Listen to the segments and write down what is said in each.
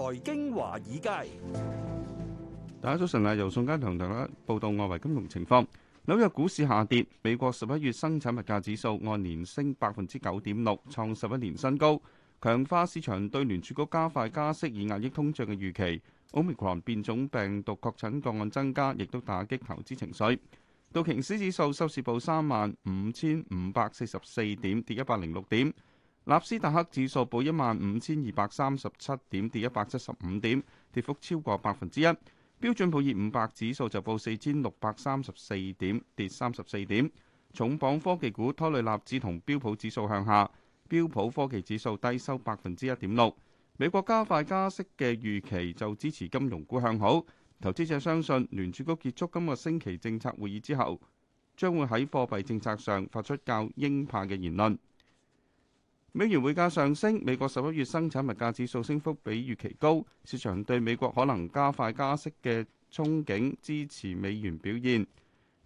財經華爾街，大家早晨啊！由宋佳良同大家報道外圍金融情況。紐約股市下跌，美國十一月生產物價指數按年升百分之九點六，創十一年新高，強化市場對聯儲局加快加息以壓抑通脹嘅預期。奧密克戎變種病毒確診個案增加，亦都打擊投資情緒。道瓊斯指數收市報三萬五千五百四十四點，跌一百零六點。納斯達克指數報一萬五千二百三十七點，跌一百七十五點，跌幅超過百分之一。標準普爾五百指數就報四千六百三十四點，跌三十四點。重磅科技股拖累納指同標普指數向下，標普科技指數低收百分之一點六。美國加快加息嘅預期就支持金融股向好，投資者相信聯儲局結束今個星期政策會議之後，將會喺貨幣政策上發出較鷹派嘅言論。美元匯價上升，美國十一月生產物價指數升幅比預期高，市場對美國可能加快加息嘅憧憬支持美元表現。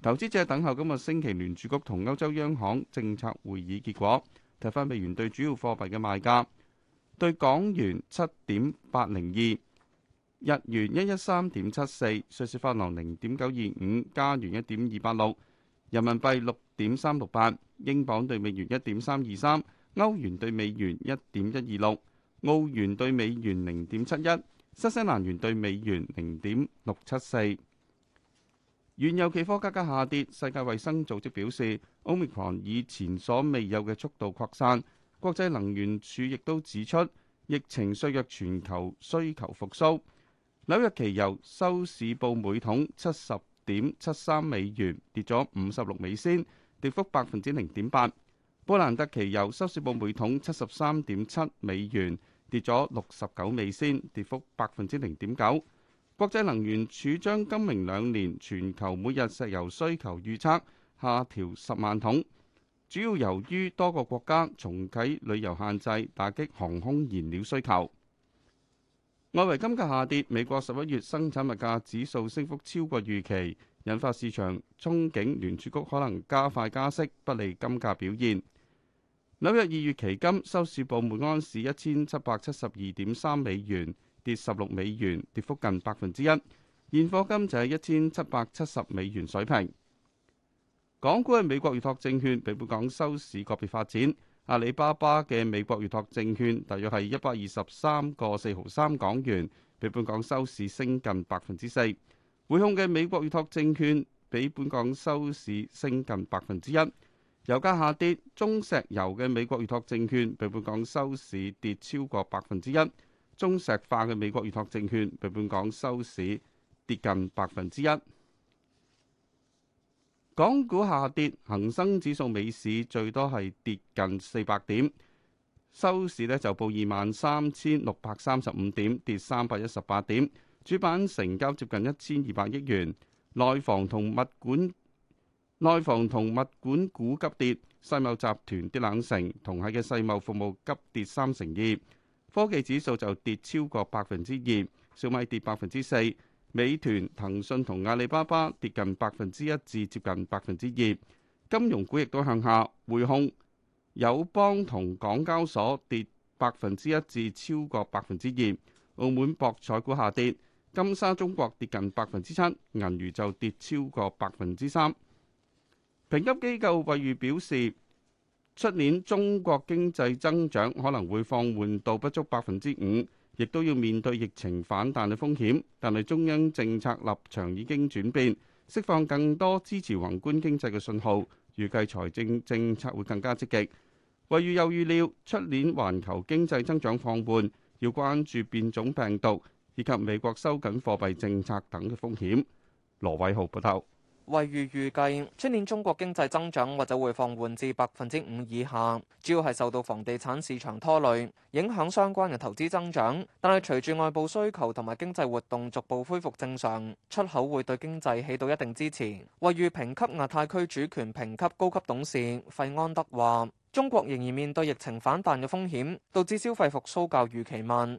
投資者等候今個星期聯儲局同歐洲央行政策會議結果。睇返美元對主要貨幣嘅賣價，對港元七點八零二，日元一一三點七四，瑞士法郎零點九二五，加元一點二八六，人民幣六點三六八，英鎊對美元一點三二三。歐元對美元一點一二六，澳元對美元零點七一，新西蘭元對美元零點六七四。原油期貨價格下跌，世界衛生組織表示，奧密克戎以前所未有嘅速度擴散。國際能源署亦都指出，疫情削弱全球需求復甦。紐約期油收市報每桶七十點七三美元，跌咗五十六美仙，跌幅百分之零點八。布蘭特期油收市報每桶七十三點七美元，跌咗六十九美仙，跌幅百分之零點九。國際能源署將今明兩年全球每日石油需求預測下調十萬桶，主要由於多個國家重啟旅遊限制，打擊航空燃料需求。外圍金價下跌，美國十一月生產物價指數升幅超過預期，引發市場憧憬聯儲局可能加快加息，不利金價表現。紐約二月期金收市報每安士一千七百七十二點三美元，跌十六美元，跌幅近百分之一。現貨金就係一千七百七十美元水平。港股嘅美國預託證券，比本港收市個別發展。阿里巴巴嘅美國預託證券大約係一百二十三個四毫三港元，比本港收市升近百分之四。匯控嘅美國預託證券比本港收市升近百分之一。油價下跌，中石油嘅美國預託證券比本港收市跌超過百分之一，中石化嘅美國預託證券比本港收市跌近百分之一。港股下跌，恒生指數尾市最多係跌近四百點，收市呢就報二萬三千六百三十五點，跌三百一十八點，主板成交接近一千二百億元，內房同物管。內房同物管股急跌，世茂集團跌兩成，同系嘅世茂服務急跌三成二。科技指數就跌超過百分之二，小米跌百分之四，美團、騰訊同阿里巴巴跌近百分之一至接近百分之二。金融股亦都向下，匯控、友邦同港交所跌百分之一至超過百分之二。澳門博彩股下跌，金沙中國跌近百分之七，銀娛就跌超過百分之三。評級機構惠譽表示，出年中國經濟增長可能會放緩到不足百分之五，亦都要面對疫情反彈嘅風險。但係中央政策立場已經轉變，釋放更多支持宏觀經濟嘅信號，預計財政政策會更加積極。惠譽又預料出年環球經濟增長放緩，要關注變種病毒以及美國收緊貨幣政策等嘅風險。羅偉豪報道。惠譽預計，出年中國經濟增長或者會放緩至百分之五以下，主要係受到房地產市場拖累，影響相關嘅投資增長。但係隨住外部需求同埋經濟活動逐步恢復正常，出口會對經濟起到一定支持。惠譽評級亞太區主權評級高級董事費安德話，中國仍然面對疫情反彈嘅風險，導致消費復蘇較預期慢。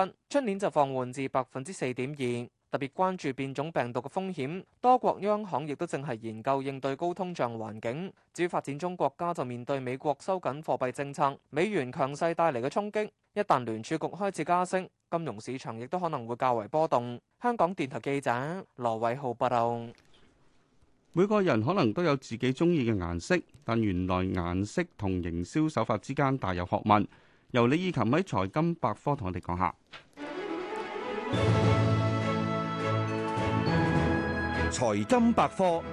出年就放緩至百分之四點二，特別關注變種病毒嘅風險。多國央行亦都正係研究應對高通脹環境。至於發展中國家就面對美國收緊貨幣政策，美元強勢帶嚟嘅衝擊。一旦聯儲局開始加息，金融市場亦都可能會較為波動。香港電台記者羅偉浩報道。每個人可能都有自己中意嘅顏色，但原來顏色同營銷手法之間大有學問。由李以琴喺財金百科同我哋講下財金百科。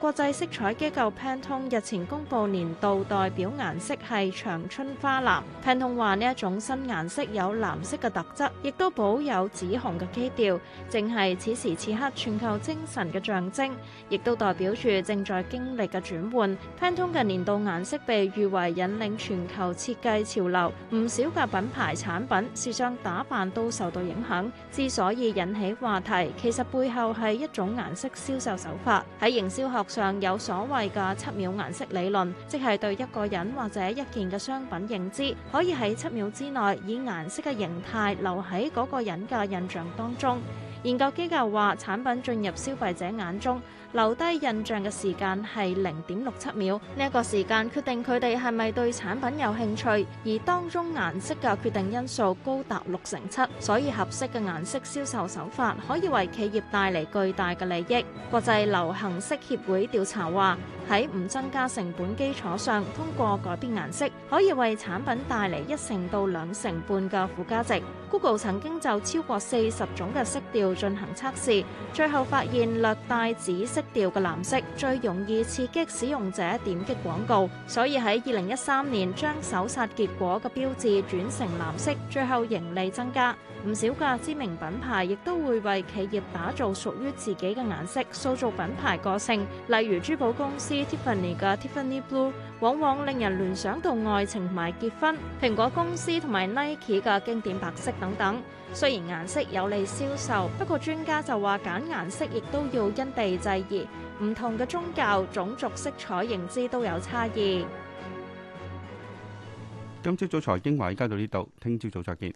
國際色彩機構 Pantone 日前公布年度代表顏色係長春花藍。Pantone 話呢一種新顏色有藍色嘅特質，亦都保有紫紅嘅基調，正係此時此刻全球精神嘅象徵，亦都代表住正在經歷嘅轉換。Pantone 嘅年度顏色被譽為引領全球設計潮流，唔少嘅品牌產品、時尚打扮都受到影響。之所以引起話題，其實背後係一種顏色銷售手法喺營銷學。尚有所謂嘅七秒顏色理論，即係對一個人或者一件嘅商品認知，可以喺七秒之內以顏色嘅形態留喺嗰個人嘅印象當中。研究機構話，產品進入消費者眼中留低印象嘅時間係零點六七秒，呢一個時間決定佢哋係咪對產品有興趣，而當中顏色嘅決定因素高達六成七，所以合適嘅顏色銷售手法可以為企業帶嚟巨大嘅利益。國際流行色協會調查話，喺唔增加成本基礎上，通過改變顏色，可以為產品帶嚟一成到兩成半嘅附加值。Google 曾經就超過四十種嘅色調進行測試，最後發現略帶紫色調嘅藍色最容易刺激使用者點擊廣告，所以喺二零一三年將搜尋結果嘅標誌轉成藍色，最後盈利增加。唔少嘅知名品牌亦都會為企業打造屬於自己嘅顏色，塑造品牌個性，例如珠寶公司。Tiffany 嘅 Tiffany Blue 往往令人聯想到愛情同埋結婚，蘋果公司同埋 Nike 嘅經典白色等等。雖然顏色有利銷售，不過專家就話揀顏色亦都要因地制宜，唔同嘅宗教、種族色彩認知都有差異。今朝早財經話依家到呢度，聽朝早再見。